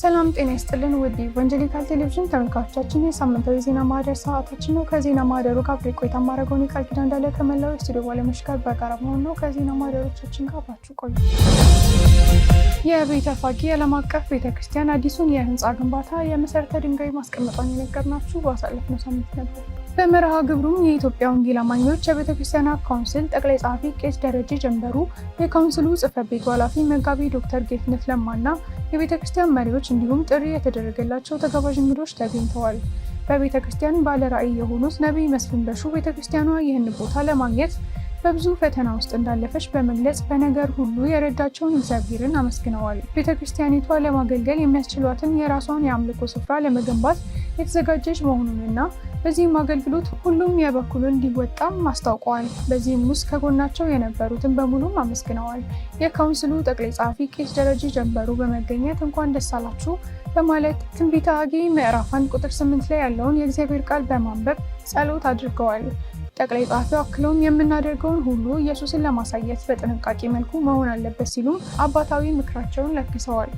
ሰላም ጤና ይስጥልን ውድ ወንጀሊካል ቴሌቪዥን ተመልካቾቻችን፣ የሳምንታዊ ዜና ማህደር ሰዓታችን ነው። ከዜና ማህደሩ ጋር አብሬ ቆይታ ማድረገውን የቃል ኪዳን እንዳለ ከመላው ስቱዲዮ ባለሙያዎች ጋር በጋራ መሆን ነው። ከዜና ማህደሮቻችን ጋር አብራችሁ ቆዩ። የቤተ ፋጌ ዓለም አቀፍ ቤተ ክርስቲያን አዲሱን የህንፃ ግንባታ የመሰረተ ድንጋይ ማስቀመጧን የነገርናችሁ ባሳለፍነው ሳምንት ነበር። በመርሃ ግብሩም የኢትዮጵያ ወንጌል አማኞች የቤተ ካውንስል ጠቅላይ ጸሐፊ ቄስ ደረጀ ጀንበሩ፣ የካውንስሉ ጽህፈት ቤቱ ኃላፊ መጋቢ ዶክተር ጌትነት ለማና የቤተ የቤተክርስቲያን መሪዎች እንዲሁም ጥሪ የተደረገላቸው ተጋባዥ እንግዶች ተገኝተዋል። በቤተ ክርስቲያን ባለ ራዕይ የሆኑት ነቢይ መስፍን በሹ ቤተ ክርስቲያኗ ይህን ቦታ ለማግኘት በብዙ ፈተና ውስጥ እንዳለፈች በመግለጽ በነገር ሁሉ የረዳቸውን እግዚአብሔርን አመስግነዋል። ቤተ ክርስቲያኒቷ ለማገልገል የሚያስችሏትን የራሷን የአምልኮ ስፍራ ለመገንባት የተዘጋጀች መሆኑንና በዚህም አገልግሎት ሁሉም የበኩሉን እንዲወጣም አስታውቀዋል። በዚህም ውስጥ ከጎናቸው የነበሩትን በሙሉም አመስግነዋል። የካውንስሉ ጠቅላይ ጸሐፊ ቄስ ደረጀ ጀንበሩ በመገኘት እንኳን ደስ አላችሁ በማለት ትንቢተ ሐጌ ምዕራፍ አንድ ቁጥር ስምንት ላይ ያለውን የእግዚአብሔር ቃል በማንበብ ጸሎት አድርገዋል። ጠቅላይ ጸሐፊው አክለውም የምናደርገውን ሁሉ ኢየሱስን ለማሳየት በጥንቃቄ መልኩ መሆን አለበት ሲሉም አባታዊ ምክራቸውን ለግሰዋል።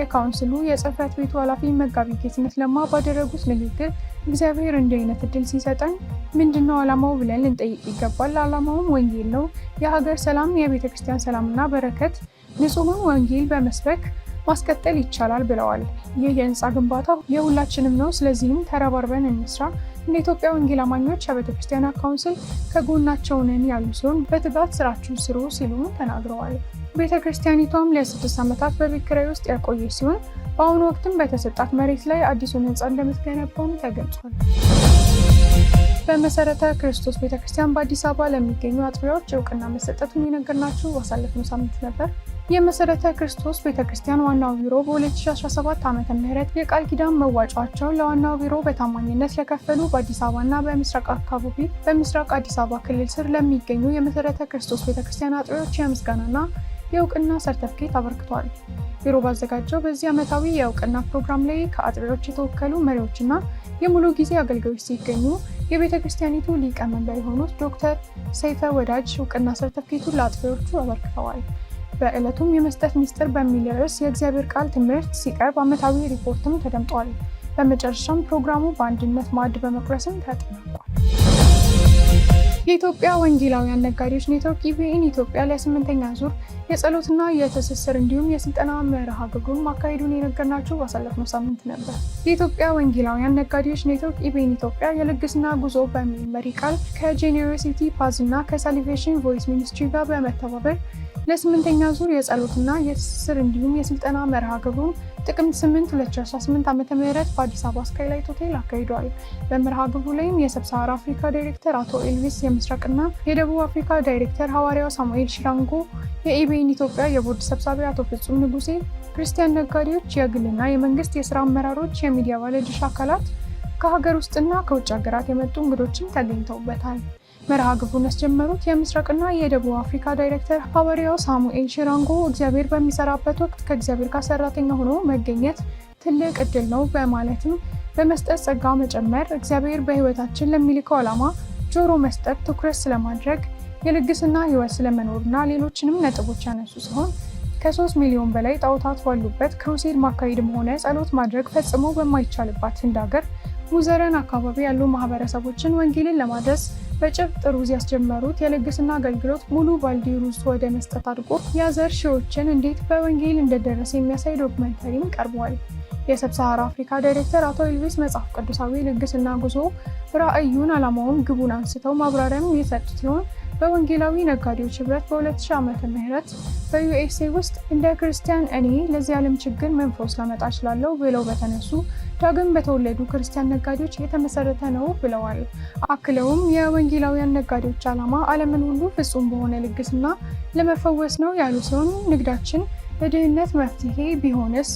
የካውንስሉ የጽህፈት ቤቱ ኃላፊ መጋቢ ጌትነት ለማ ባደረጉት ንግግር እግዚአብሔር እንዲህ አይነት እድል ሲሰጠን ምንድነው ዓላማው ብለን ልንጠይቅ ይገባል። ዓላማውም ወንጌል ነው። የሀገር ሰላም፣ የቤተ ክርስቲያን ሰላምና በረከት፣ ንጹሑን ወንጌል በመስበክ ማስቀጠል ይቻላል ብለዋል። ይህ የህንፃ ግንባታ የሁላችንም ነው። ስለዚህም ተረባርበን እንስራ እንደ ኢትዮጵያ ወንጌል አማኞች አብያተ ክርስቲያናት ካውንስል ከጎናቸው ነን ያሉ ሲሆን በትጋት ስራችሁን ስሩ ሲሉም ተናግረዋል። ቤተ ክርስቲያኒቷም ለስድስት ዓመታት በቤት ኪራይ ውስጥ ያቆየች ሲሆን በአሁኑ ወቅትም በተሰጣት መሬት ላይ አዲሱን ህንፃ እንደምትገነባም ተገልጿል። በመሰረተ ክርስቶስ ቤተክርስቲያን በአዲስ አበባ ለሚገኙ አጥቢያዎች እውቅና መሰጠቱን የነገርናችሁ ባሳለፍነው ሳምንት ነበር። የመሰረተ ክርስቶስ ቤተ ክርስቲያን ዋናው ቢሮ በ2017 ዓ ም የቃል ኪዳን መዋጮአቸውን ለዋናው ቢሮ በታማኝነት ለከፈሉ በአዲስ አበባና በምስራቅ አካባቢ በምስራቅ አዲስ አበባ ክልል ስር ለሚገኙ የመሰረተ ክርስቶስ ቤተ ክርስቲያን አጥቢያዎች የምስጋናና የእውቅና ሰርተፍኬት አበርክቷል። ቢሮ ባዘጋጀው በዚህ ዓመታዊ የእውቅና ፕሮግራም ላይ ከአጥቢያዎች የተወከሉ መሪዎችና የሙሉ ጊዜ አገልጋዮች ሲገኙ የቤተ ክርስቲያኒቱ ሊቀመንበር የሆኑት ዶክተር ሰይፈ ወዳጅ እውቅና ሰርተፍኬቱን ለአጥሪዎቹ አበርክተዋል። በዕለቱም የመስጠት ምስጢር በሚል ርዕስ የእግዚአብሔር ቃል ትምህርት ሲቀርብ ዓመታዊ ሪፖርትም ተደምጧል። በመጨረሻም ፕሮግራሙ በአንድነት ማዕድ በመቁረስም ተጠናቋል። የኢትዮጵያ ወንጌላውያን ነጋዴዎች ኔትወርክ ኢቪኤን ኢትዮጵያ ለስምንተኛ ዙር የጸሎትና የትስስር እንዲሁም የስልጠና መርሃ ግብሩን ማካሄዱን የነገርናችሁ ባሳለፍነው ሳምንት ነበር። የኢትዮጵያ ወንጌላውያን ነጋዴዎች ኔትወርክ ኢቪኤን ኢትዮጵያ የልግስና ጉዞ በሚል መሪ ቃል ከጄኔሮሲቲ ፓዝ እና ከሳሊቬሽን ቮይስ ሚኒስትሪ ጋር በመተባበር ለስምንተኛ ዙር የጸሎትና የትስስር እንዲሁም የስልጠና መርሃ ግብሩን ጥቅምት 8 2018 ዓ ም በአዲስ አበባ ስካይላይት ሆቴል አካሂዷል። በመርሃ ግብሩ ላይም የሰብሳር አፍሪካ ዳይሬክተር አቶ ኤልቪስ የምስራቅና የደቡብ አፍሪካ ዳይሬክተር ሐዋርያው ሳሙኤል ሽራንጎ፣ የኢቤን ኢትዮጵያ የቦርድ ሰብሳቢ አቶ ፍጹም ንጉሴ፣ ክርስቲያን ነጋዴዎች፣ የግልና የመንግስት የስራ አመራሮች፣ የሚዲያ ባለድርሻ አካላት ከሀገር ውስጥና ከውጭ ሀገራት የመጡ እንግዶችም ተገኝተውበታል። መርሃ ግብሩን ያስጀመሩት የምስራቅና የደቡብ አፍሪካ ዳይሬክተር ፓበሪያው ሳሙኤል ሽራንጎ እግዚአብሔር በሚሰራበት ወቅት ከእግዚአብሔር ጋር ሰራተኛ ሆኖ መገኘት ትልቅ እድል ነው በማለትም በመስጠት ጸጋ መጨመር፣ እግዚአብሔር በህይወታችን ለሚልከው ዓላማ ጆሮ መስጠት፣ ትኩረት ስለማድረግ፣ የልግስና ህይወት ስለመኖርና ሌሎችንም ነጥቦች ያነሱ ሲሆን ከሶስት ሚሊዮን በላይ ጣዖታት ባሉበት ክሩሴድ ማካሄድም ሆነ ጸሎት ማድረግ ፈጽሞ በማይቻልባት ህንድ ሀገር ሙዘረን አካባቢ ያሉ ማህበረሰቦችን ወንጌልን ለማድረስ በጭብጥ ሩዝ ያስጀመሩት የልግስና አገልግሎት ሙሉ ባልዲ ሩዝ ወደ መስጠት አድጎ የዘር ሺዎችን እንዴት በወንጌል እንደደረሰ የሚያሳይ ዶክመንተሪም ቀርቧል። የሰብሳሃራ አፍሪካ ዳይሬክተር አቶ ኤልቪስ መጽሐፍ ቅዱሳዊ ልግስና ጉዞ ራዕዩን፣ ዓላማውን፣ ግቡን አንስተው ማብራሪያም እየሰጡ ሲሆን በወንጌላዊ ነጋዴዎች ህብረት በ2000 ዓመተ ምህረት በዩኤስኤ ውስጥ እንደ ክርስቲያን እኔ ለዚህ ዓለም ችግር መንፈስ ላመጣ እችላለሁ ብለው በተነሱ ዳግም በተወለዱ ክርስቲያን ነጋዴዎች የተመሰረተ ነው ብለዋል። አክለውም የወንጌላውያን ነጋዴዎች ዓላማ ዓለምን ሁሉ ፍጹም በሆነ ልግስና ለመፈወስ ነው ያሉ ሲሆን ንግዳችን ለድህነት መፍትሄ ቢሆንስ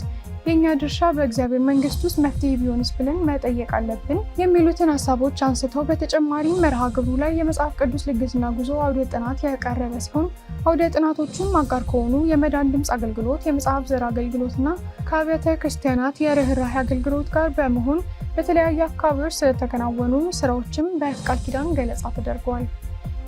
የእኛ ድርሻ በእግዚአብሔር መንግስት ውስጥ መፍትሄ ቢሆንስ ብለን መጠየቅ አለብን የሚሉትን ሀሳቦች አንስተው በተጨማሪ መርሃ ግብሩ ላይ የመጽሐፍ ቅዱስ ልግስና ጉዞ አውደ ጥናት ያቀረበ ሲሆን አውደ ጥናቶቹም አጋር ከሆኑ የመዳን ድምፅ አገልግሎት፣ የመጽሐፍ ዘር አገልግሎትና ከአብያተ ክርስቲያናት የርኅራሄ አገልግሎት ጋር በመሆን በተለያዩ አካባቢዎች ስለተከናወኑ ስራዎችም በቃል ኪዳን ገለጻ ተደርገዋል።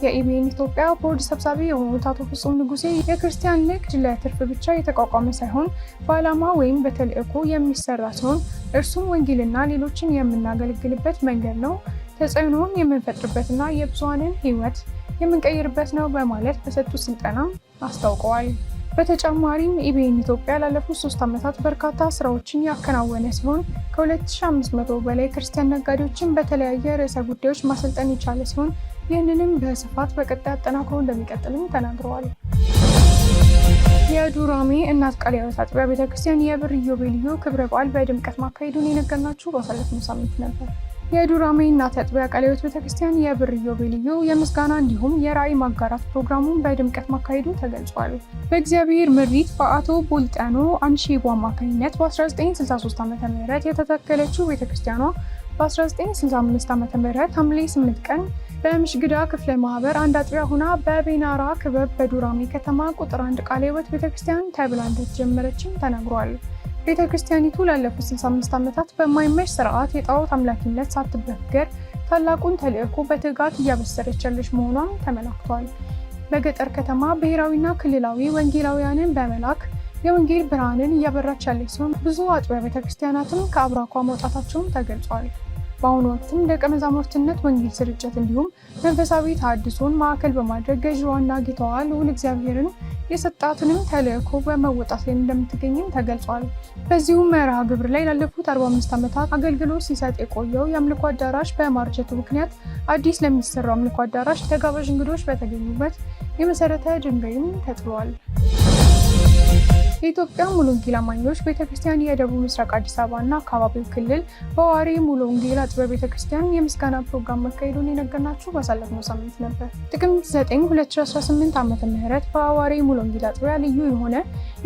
የኢቢኤን ኢትዮጵያ ቦርድ ሰብሳቢ የሆኑት አቶ ፍጹም ንጉሴ የክርስቲያን ንግድ ለትርፍ ብቻ የተቋቋመ ሳይሆን በዓላማ ወይም በተልዕኮ የሚሰራ ሲሆን እርሱም ወንጌልና ሌሎችን የምናገለግልበት መንገድ ነው፣ ተጽዕኖውን የምንፈጥርበትና የብዙሃንን ህይወት የምንቀይርበት ነው በማለት በሰጡት ስልጠና አስታውቀዋል። በተጨማሪም ኢቢኤን ኢትዮጵያ ላለፉት ሶስት ዓመታት በርካታ ስራዎችን ያከናወነ ሲሆን ከ2500 በላይ ክርስቲያን ነጋዴዎችን በተለያየ ርዕሰ ጉዳዮች ማሰልጠን የቻለ ሲሆን ይህንንም በስፋት በቀጣይ አጠናክሮ እንደሚቀጥልም ተናግረዋል። የዱራሜ እናት ቃለ ሕይወት አጥቢያ ቤተክርስቲያን የብር ኢዮቤልዩ ክብረ በዓል በድምቀት ማካሄዱን የነገርናችሁ ባሳለፍነው ሳምንት ነበር። የዱራሜ እናት አጥቢያ ቃለ ሕይወት ቤተክርስቲያን የብር ኢዮቤልዩ የምስጋና እንዲሁም የራዕይ ማጋራት ፕሮግራሙን በድምቀት ማካሄዱ ተገልጿል። በእግዚአብሔር ምሪት በአቶ ቦልጠኖ አንሺቦ አማካኝነት በ1963 ዓ ም የተተከለችው ቤተክርስቲያኗ በ1965 ዓ ም ሐምሌ 8 ቀን በምሽግዳ ክፍለ ማህበር አንድ አጥቢያ ሆና በቤናራ ክበብ በዱራሜ ከተማ ቁጥር አንድ ቃለ ሕይወት ቤተክርስቲያን ተብላ እንደተጀመረችም ተነግሯል። ቤተክርስቲያኒቱ ላለፉት 65 ዓመታት በማይመሽ ስርዓት የጣዖት አምላኪነት ሳትበገር ታላቁን ተልእኮ በትጋት እያበሰረች ያለች መሆኗን ተመላክቷል። በገጠር ከተማ ብሔራዊና ክልላዊ ወንጌላውያንን በመላክ የወንጌል ብርሃንን እያበራች ያለች ሲሆን ብዙ አጥቢያ ቤተክርስቲያናትም ከአብራኳ መውጣታቸውም ተገልጿል። በአሁኑ ወቅትም ደቀ መዛሙርትነት፣ ወንጌል ስርጭት እንዲሁም መንፈሳዊ ተሐድሶን ማዕከል በማድረግ ገዥዋና ጌታዋ ልዑል እግዚአብሔርን የሰጣትንም ተልእኮ በመወጣት ላይ እንደምትገኝም ተገልጿል። በዚሁም መርሃ ግብር ላይ ላለፉት 45 ዓመታት አገልግሎት ሲሰጥ የቆየው የአምልኮ አዳራሽ በማርጀቱ ምክንያት አዲስ ለሚሰራው አምልኮ አዳራሽ ተጋባዥ እንግዶች በተገኙበት የመሰረተ ድንጋይም ተጥሏል። የኢትዮጵያ ሙሉ ወንጌል አማኞች ቤተክርስቲያን የደቡብ ምስራቅ አዲስ አበባና አካባቢው ክልል በዋሪ ሙሉ ወንጌል አጥቢያ ቤተክርስቲያን የምስጋና ፕሮግራም መካሄዱን የነገርናችሁ ባሳለፍነው ሳምንት ነበር። ጥቅምት 9 2018 ዓ ም በአዋሪ ሙሉ ወንጌል አጥቢያ ልዩ የሆነ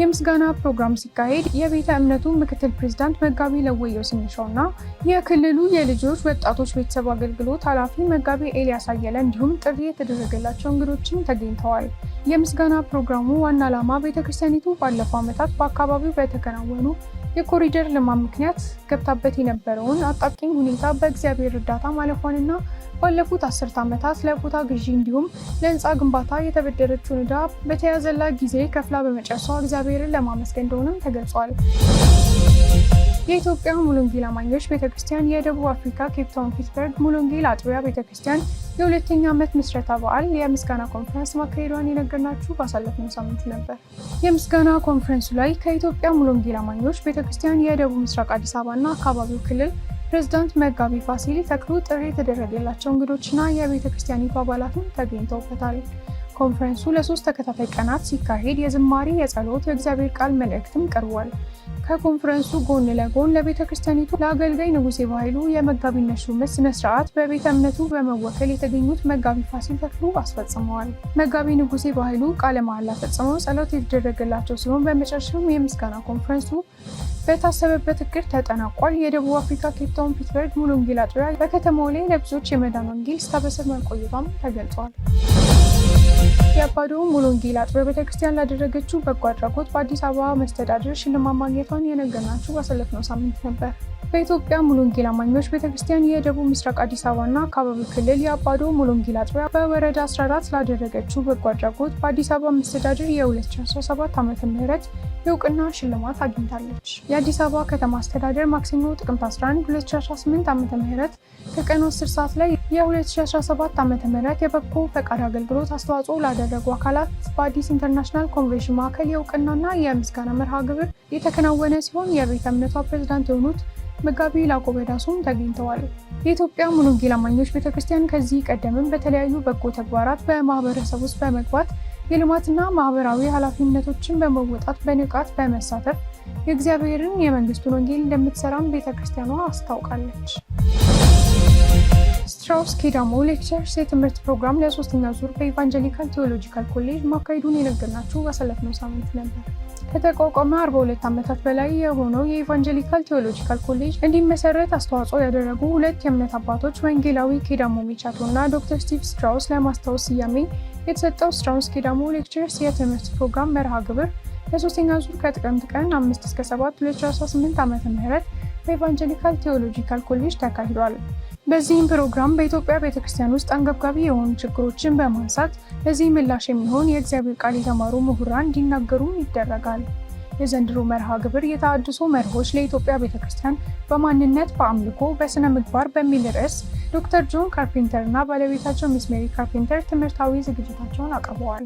የምስጋና ፕሮግራም ሲካሄድ የቤተ እምነቱ ምክትል ፕሬዚዳንት መጋቢ ለወየው ስንሻውና የክልሉ የልጆች ወጣቶች ቤተሰብ አገልግሎት ኃላፊ መጋቢ ኤልያስ አየለ እንዲሁም ጥሪ የተደረገላቸው እንግዶችም ተገኝተዋል። የምስጋና ፕሮግራሙ ዋና ዓላማ ቤተክርስቲያኒቱ ባለፈው ዓመታት በአካባቢው በተከናወኑ የኮሪደር ልማት ምክንያት ገብታበት የነበረውን አጣብቂኝ ሁኔታ በእግዚአብሔር እርዳታ ማለፏንና ባለፉት አስርት ዓመታት ለቦታ ግዢ እንዲሁም ለህንፃ ግንባታ የተበደረችውን ዕዳ በተያዘላ ጊዜ ከፍላ በመጨረሷ እግዚአብሔርን ለማመስገን እንደሆነም ተገልጿል። የኢትዮጵያ ሙሉ ወንጌል አማኞች ቤተክርስቲያን የደቡብ አፍሪካ ኬፕታውን ፒትስበርግ ሙሉ ወንጌል አጥቢያ ቤተክርስቲያን የሁለተኛ ዓመት ምስረታ በዓል የምስጋና ኮንፈረንስ ማካሄዷን የነገርናችሁ ባሳለፍነው ሳምንቱ ነበር። የምስጋና ኮንፈረንሱ ላይ ከኢትዮጵያ ሙሉ ወንጌል አማኞች ቤተክርስቲያን የደቡብ ምስራቅ አዲስ አበባና አካባቢው ክልል ፕሬዝዳንት መጋቢ ፋሲል ተክሉ ጥሪ የተደረገላቸው እንግዶችና የቤተክርስቲያኒቱ አባላትም ተገኝተውበታል። ኮንፈረንሱ ለሶስት ተከታታይ ቀናት ሲካሄድ የዝማሬ፣ የጸሎት፣ የእግዚአብሔር ቃል መልእክትም ቀርቧል። ከኮንፈረንሱ ጎን ለጎን ለቤተ ክርስቲያኒቱ ለአገልጋይ ንጉሴ ባይሉ የመጋቢነት ሹመት ስነ ስርዓት በቤተ እምነቱ በመወከል የተገኙት መጋቢ ፋሲል ተክሉ አስፈጽመዋል። መጋቢ ንጉሴ ባይሉ ቃለ መሐላ ፈጽመው ጸሎት የተደረገላቸው ሲሆን በመጨረሻም የምስጋና ኮንፈረንሱ በታሰበበት እቅድ ተጠናቋል። የደቡብ አፍሪካ ኬፕታውን ፒትበርግ ሙሉንጌላ ዙሪያ በከተማው ላይ ለብዙዎች የመዳን ወንጌል ስታበስር መቆየቷም ተገልጿል። የአባዶ ዶም ሙሉ ወንጌል አጥቢያ ላደረገችው በጎ አድራጎት በአዲስ አበባ መስተዳድር ሽልማት ማግኘቷን የነገርናችሁ ባሳለፍነው ሳምንት ነበር። በኢትዮጵያ ሙሉ ወንጌል አማኞች ቤተክርስቲያን የደቡብ ምስራቅ አዲስ አበባና አካባቢው ክልል የአባዶ ዶም ሙሉ ወንጌል አጥቢያ በወረዳ 14 ላደረገችው በጎ አድራጎት በአዲስ አበባ መስተዳድር የ2017 ዓ ም የእውቅና ሽልማት አግኝታለች። የአዲስ አበባ ከተማ አስተዳደር ማክሰኞ ጥቅምት 11 2018 ዓ ም ከቀኑ 10 ሰዓት ላይ የ2017 ዓ ም የበጎ ፈቃድ አገልግሎት አስተዋጽኦ ላደረጉ አካላት በአዲስ ኢንተርናሽናል ኮንቬንሽን ማዕከል የእውቅናና የምስጋና መርሃ ግብር የተከናወነ ሲሆን የቤተ እምነቷ ፕሬዝዳንት የሆኑት መጋቢ ላቆበዳሱም ተገኝተዋል። የኢትዮጵያ ሙሉ ወንጌል አማኞች ቤተክርስቲያን ከዚህ ቀደምም በተለያዩ በጎ ተግባራት በማህበረሰብ ውስጥ በመግባት የልማትና ማህበራዊ ኃላፊነቶችን በመወጣት በንቃት በመሳተፍ የእግዚአብሔርን የመንግስቱን ወንጌል እንደምትሰራም ቤተክርስቲያኗ አስታውቃለች። ስትራውስ ኬዳሞ ሌክቸርስ የትምህርት ፕሮግራም ለሶስተኛ ዙር በኢቫንጀሊካል ቴዎሎጂካል ኮሌጅ ማካሄዱን የነገርናችሁ ባሳለፍነው ሳምንት ነበር። ከተቋቋመ 42 ዓመታት በላይ የሆነው የኢቫንጀሊካል ቴዎሎጂካል ኮሌጅ እንዲመሰረት አስተዋጽኦ ያደረጉ ሁለት የእምነት አባቶች ወንጌላዊ ኬዳሞ ሚቻቶ እና ዶክተር ስቲቭ ስትራውስ ለማስታወስ ስያሜ የተሰጠው ስትራውስ ኬዳሞ ሌክቸርስ የትምህርት ፕሮግራም መርሃ ግብር ለሶስተኛ ዙር ከጥቅምት ቀን 5 እስከ 7 2018 ዓ ም በኢቫንጀሊካል ቴዎሎጂካል ኮሌጅ ተካሂዷል። በዚህም ፕሮግራም በኢትዮጵያ ቤተክርስቲያን ውስጥ አንገብጋቢ የሆኑ ችግሮችን በማንሳት ለዚህ ምላሽ የሚሆን የእግዚአብሔር ቃል የተማሩ ምሁራን እንዲናገሩ ይደረጋል። የዘንድሮ መርሃ ግብር የተሃድሶ መርሆች ለኢትዮጵያ ቤተክርስቲያን በማንነት በአምልኮ በስነ ምግባር በሚል ርዕስ ዶክተር ጆን ካርፔንተር እና ባለቤታቸው ሚስ ሜሪ ካርፔንተር ትምህርታዊ ዝግጅታቸውን አቅርበዋል።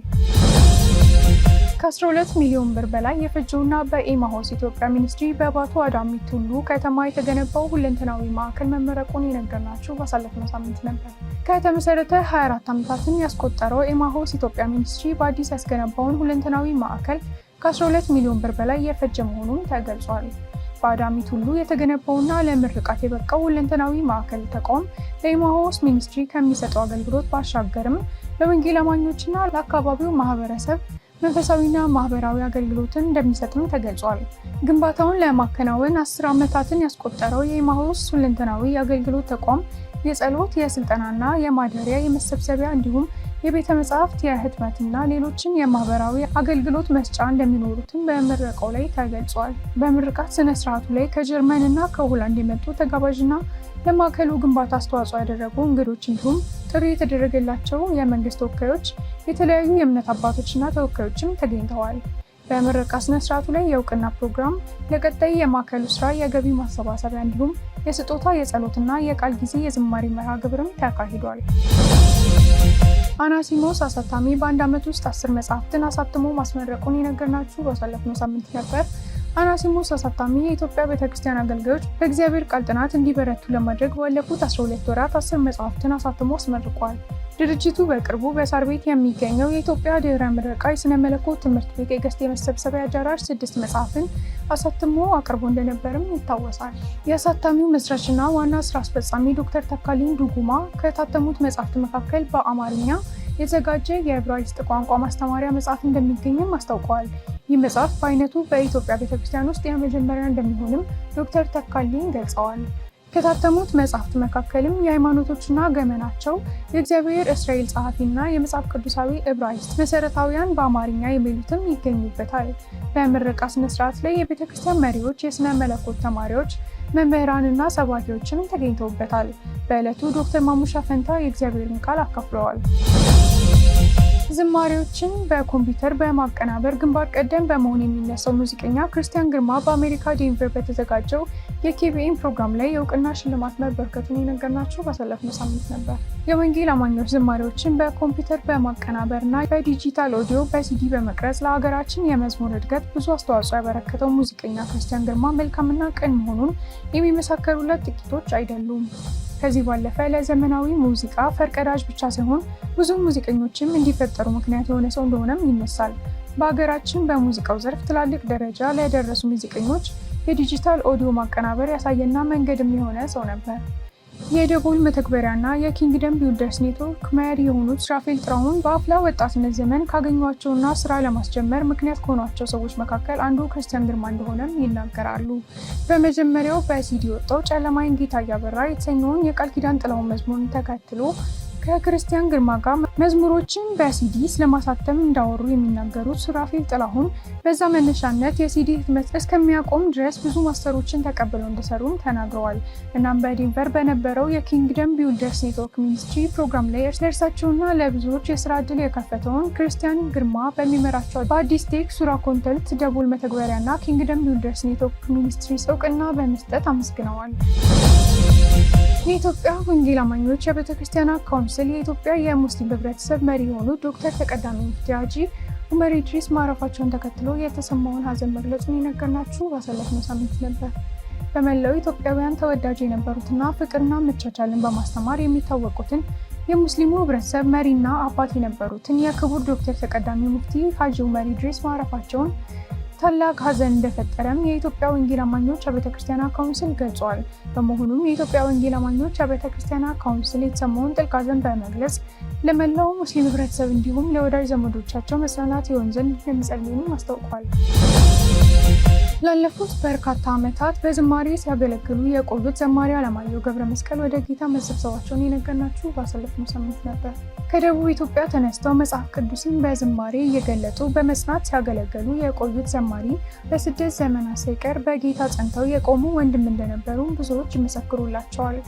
ከ12 ሚሊዮን ብር በላይ የፈጀውና በኤማሆስ ኢትዮጵያ ሚኒስትሪ በባቶ አዳሚ ቱሉ ከተማ የተገነባው ሁለንተናዊ ማዕከል መመረቁን የነገርናችሁ ባሳለፍነው ሳምንት ነበር። ከተመሰረተ 24 ዓመታትን ያስቆጠረው ኤማሆስ ኢትዮጵያ ሚኒስትሪ በአዲስ ያስገነባውን ሁለንተናዊ ማዕከል ከ12 ሚሊዮን ብር በላይ የፈጀ መሆኑን ተገልጿል። በአዳሚ ቱሉ የተገነባውና ለምርቃት የበቃው ሁለንተናዊ ማዕከል ተቋም ለኤማሆስ ሚኒስትሪ ከሚሰጠው አገልግሎት ባሻገርም ለወንጌል አማኞችና ለአካባቢው ማህበረሰብ መንፈሳዊና ማህበራዊ አገልግሎትን እንደሚሰጥም ተገልጿል። ግንባታውን ለማከናወን አስር ዓመታትን ያስቆጠረው የኢማሁስ ሁለንተናዊ የአገልግሎት ተቋም የጸሎት፣ የስልጠናና የማደሪያ የመሰብሰቢያ እንዲሁም የቤተ መጽሐፍት የህትመትና ሌሎችን የማህበራዊ አገልግሎት መስጫ እንደሚኖሩትም በምረቃው ላይ ተገልጿል። በምርቃት ስነ ስርዓቱ ላይ ከጀርመንና ከሆላንድ የመጡ ተጋባዥና ለማዕከሉ ግንባታ አስተዋጽኦ ያደረጉ እንግዶች እንዲሁም ጥሪ የተደረገላቸው የመንግስት ተወካዮች፣ የተለያዩ የእምነት አባቶችና ተወካዮችም ተገኝተዋል። በምረቃ ስነ ስርዓቱ ላይ የእውቅና ፕሮግራም ለቀጣይ የማዕከሉ ስራ የገቢ ማሰባሰቢያ እንዲሁም የስጦታ የጸሎትና የቃል ጊዜ የዝማሬ መርሃ ግብርም ተካሂዷል። አናሲሞስ አሳታሚ በአንድ ዓመት ውስጥ አስር መጽሐፍትን አሳትሞ ማስመረቁን የነገርናችሁ ባሳለፍነው ሳምንት ነበር። አናሲሞስ አሳታሚ የኢትዮጵያ ቤተክርስቲያን አገልጋዮች በእግዚአብሔር ቃል ጥናት እንዲበረቱ ለማድረግ ባለፉት 12 ወራት አስር መጽሐፍትን አሳትሞ አስመርቋል። ድርጅቱ በቅርቡ በሳር ቤት የሚገኘው የኢትዮጵያ ድህረ ምረቃ የሥነ መለኮት ትምህርት ቤት የገስት የመሰብሰቢያ አዳራሽ ስድስት መጽሐፍን አሳትሞ አቅርቦ እንደነበርም ይታወሳል። የአሳታሚው መስራችና ዋና ስራ አስፈጻሚ ዶክተር ተካሊን ዱጉማ ከታተሙት መጽሐፍት መካከል በአማርኛ የተዘጋጀ የዕብራይስጥ ቋንቋ ማስተማሪያ መጽሐፍ እንደሚገኝም አስታውቀዋል። ይህ መጽሐፍ በአይነቱ በኢትዮጵያ ቤተክርስቲያን ውስጥ የመጀመሪያ እንደሚሆንም ዶክተር ተካሊን ገልጸዋል። ከታተሙት መጽሐፍት መካከልም የሃይማኖቶችና ገመናቸው የእግዚአብሔር እስራኤል ጸሐፊና የመጽሐፍ ቅዱሳዊ ዕብራይስጥ መሰረታውያን በአማርኛ የሚሉትም ይገኙበታል። በምረቃ ስነስርዓት ላይ የቤተ ክርስቲያን መሪዎች፣ የሥነ መለኮት ተማሪዎች፣ መምህራንና ሰባኪዎችም ተገኝተውበታል። በዕለቱ ዶክተር ማሙሻ ፈንታ የእግዚአብሔርን ቃል አካፍለዋል። ዝማሪዎችን በኮምፒውተር በማቀናበር ግንባር ቀደም በመሆን የሚነሳው ሙዚቀኛ ክርስቲያን ግርማ በአሜሪካ ዴንቨር በተዘጋጀው የኬቢኤም ፕሮግራም ላይ የእውቅና ሽልማት መበርከቱን የነገርናቸው ባሳለፍነው ሳምንት ነበር። የወንጌል አማኞች ዝማሪዎችን በኮምፒውተር በማቀናበር እና በዲጂታል ኦዲዮ በሲዲ በመቅረጽ ለሀገራችን የመዝሙር እድገት ብዙ አስተዋጽኦ ያበረከተው ሙዚቀኛ ክርስቲያን ግርማ መልካምና ቅን መሆኑን የሚመሰከሩለት ጥቂቶች አይደሉም። ከዚህ ባለፈ ለዘመናዊ ሙዚቃ ፈርቀዳጅ ብቻ ሳይሆን ብዙ ሙዚቀኞችም እንዲፈጠሩ ምክንያት የሆነ ሰው እንደሆነም ይነሳል። በሀገራችን በሙዚቃው ዘርፍ ትላልቅ ደረጃ ላይ የደረሱ ሙዚቀኞች የዲጂታል ኦዲዮ ማቀናበር ያሳየና መንገድም የሆነ ሰው ነበር። የደቦል መተግበሪያና የኪንግደም ቢልደርስ ኔትወርክ መሪ የሆኑት ራፌል ጥራሁን በአፍላ ወጣትነት ዘመን ካገኟቸውና ስራ ለማስጀመር ምክንያት ከሆኗቸው ሰዎች መካከል አንዱ ክርስቲያን ግርማ እንደሆነም ይናገራሉ። በመጀመሪያው በሲዲ ወጣው ጨለማይን ጌታ እያበራ የተሰኘውን የቃል ኪዳን ጥላውን መዝሙርን ተከትሎ ከክርስቲያን ግርማ ጋር መዝሙሮችን በሲዲ ስለማሳተም እንዳወሩ የሚናገሩት ሱራፌል ጥላሁን በዛ መነሻነት የሲዲ ህትመት እስከሚያቆም ድረስ ብዙ ማስተሮችን ተቀብለው እንደሰሩም ተናግረዋል። እናም በዲንቨር በነበረው የኪንግደም ቢውልደርስ ኔትወርክ ሚኒስትሪ ፕሮግራም ላይ ለእርሳቸውና ለብዙዎች የስራ እድል የከፈተውን ክርስቲያን ግርማ በሚመራቸው በአዲስ ቴክ ሱራ ኮንተንት ደቡል መተግበሪያና ኪንግደም ቢውልደርስ ኔትወርክ ሚኒስትሪ እውቅና በመስጠት አመስግነዋል። የኢትዮጵያ ወንጌል አማኞች የቤተ ክርስቲያናት ካውንስል የኢትዮጵያ የሙስሊም ህብረተሰብ መሪ የሆኑት ዶክተር ተቀዳሚ ሙፍቲ ሀጂ ኡመር ኢድሪስ ማረፋቸውን ተከትሎ የተሰማውን ሀዘን መግለጹን የነገርናችሁ ባሳለፍነው ሳምንት ነበር። በመላው ኢትዮጵያውያን ተወዳጅ የነበሩትና ፍቅርና መቻቻልን በማስተማር የሚታወቁትን የሙስሊሙ ህብረተሰብ መሪና አባት የነበሩትን የክቡር ዶክተር ተቀዳሚ ሙፍቲ ሀጂ ኡመር ኢድሪስ ማረፋቸውን ታላቅ ሐዘን እንደፈጠረም የኢትዮጵያ ወንጌል አማኞች አብያተ ክርስቲያናት ካውንስል ገልጿል። በመሆኑም የኢትዮጵያ ወንጌል አማኞች አብያተ ክርስቲያናት ካውንስል የተሰማውን ጥልቅ ሐዘን በመግለጽ ለመላው ሙስሊም ሕብረተሰብ እንዲሁም ለወዳጅ ዘመዶቻቸው መጽናናት ይሆን ዘንድ እንደሚጸልዩም አስታውቋል። ላለፉት በርካታ ዓመታት በዝማሬ ሲያገለግሉ የቆዩት ዘማሪ አለማየሁ ገብረ መስቀል ወደ ጌታ መሰብሰባቸውን የነገርናችሁ ባሳለፍነው ሳምንት ነበር። ከደቡብ ኢትዮጵያ ተነስተው መጽሐፍ ቅዱስን በዝማሬ እየገለጡ በመጽናት ሲያገለገሉ የቆዩት ዘማሪ በስደት ዘመናት ሳይቀር በጌታ ጸንተው የቆሙ ወንድም እንደነበሩ ብዙዎች ይመሰክሩላቸዋል።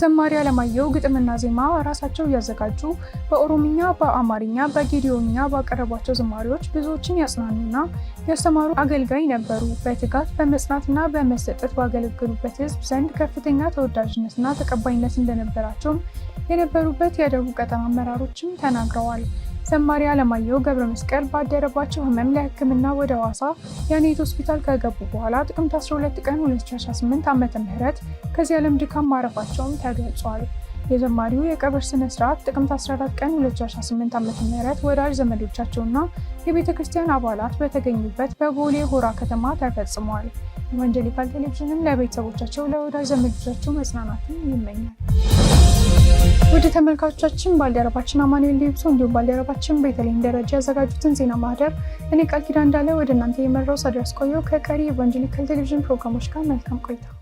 ዘማሪ አለማየሁ ግጥምና ዜማ ራሳቸው እያዘጋጁ በኦሮምኛ፣ በአማርኛ፣ በጌዲዮኛ ባቀረቧቸው ዝማሪዎች ብዙዎችን ያጽናኑና ያስተማሩ አገልጋይ ነበሩ። በትጋት በመጽናትና በመሰጠት ባገለገሉበት ህዝብ ዘንድ ከፍተኛ ተወዳጅነትና ተቀባይነት እንደነበራቸውም የነበሩበት የደቡብ ቀጠና አመራሮችም ተናግረዋል። ዘማሪ አለማየሁ ገብረ መስቀል ባደረባቸው ህመም ለህክምና ወደ ሐዋሳ የአኔት ሆስፒታል ከገቡ በኋላ ጥቅምት 12 ቀን 2018 ዓመተ ምህረት ከዚህ ዓለም ድካም ማረፋቸውም ተገልጿል። የዘማሪው የቀብር ስነ ስርዓት ጥቅምት 14 ቀን 2018 ዓመተ ምህረት ወዳጅ ዘመዶቻቸውና የቤተ ክርስቲያን አባላት በተገኙበት በቦሌ ሆራ ከተማ ተፈጽሟል። ኢቫንጀሊካል ቴሌቪዥንም ለቤተሰቦቻቸው፣ ለወዳጅ ዘመዶቻቸው መጽናናትን ይመኛል። ወደ ተመልካቾቻችን ባልደረባችን አማኑኤል ሊብሶ እንዲሁም ባልደረባችን በተለይም ደረጃ ያዘጋጁትን ዜና ማህደር እኔ ቃል ኪዳን እንዳለ ወደ እናንተ የመራው ሳደርስ ቆየው። ከቀሪ ኢቫንጀሊካል ቴሌቪዥን ፕሮግራሞች ጋር መልካም ቆይታ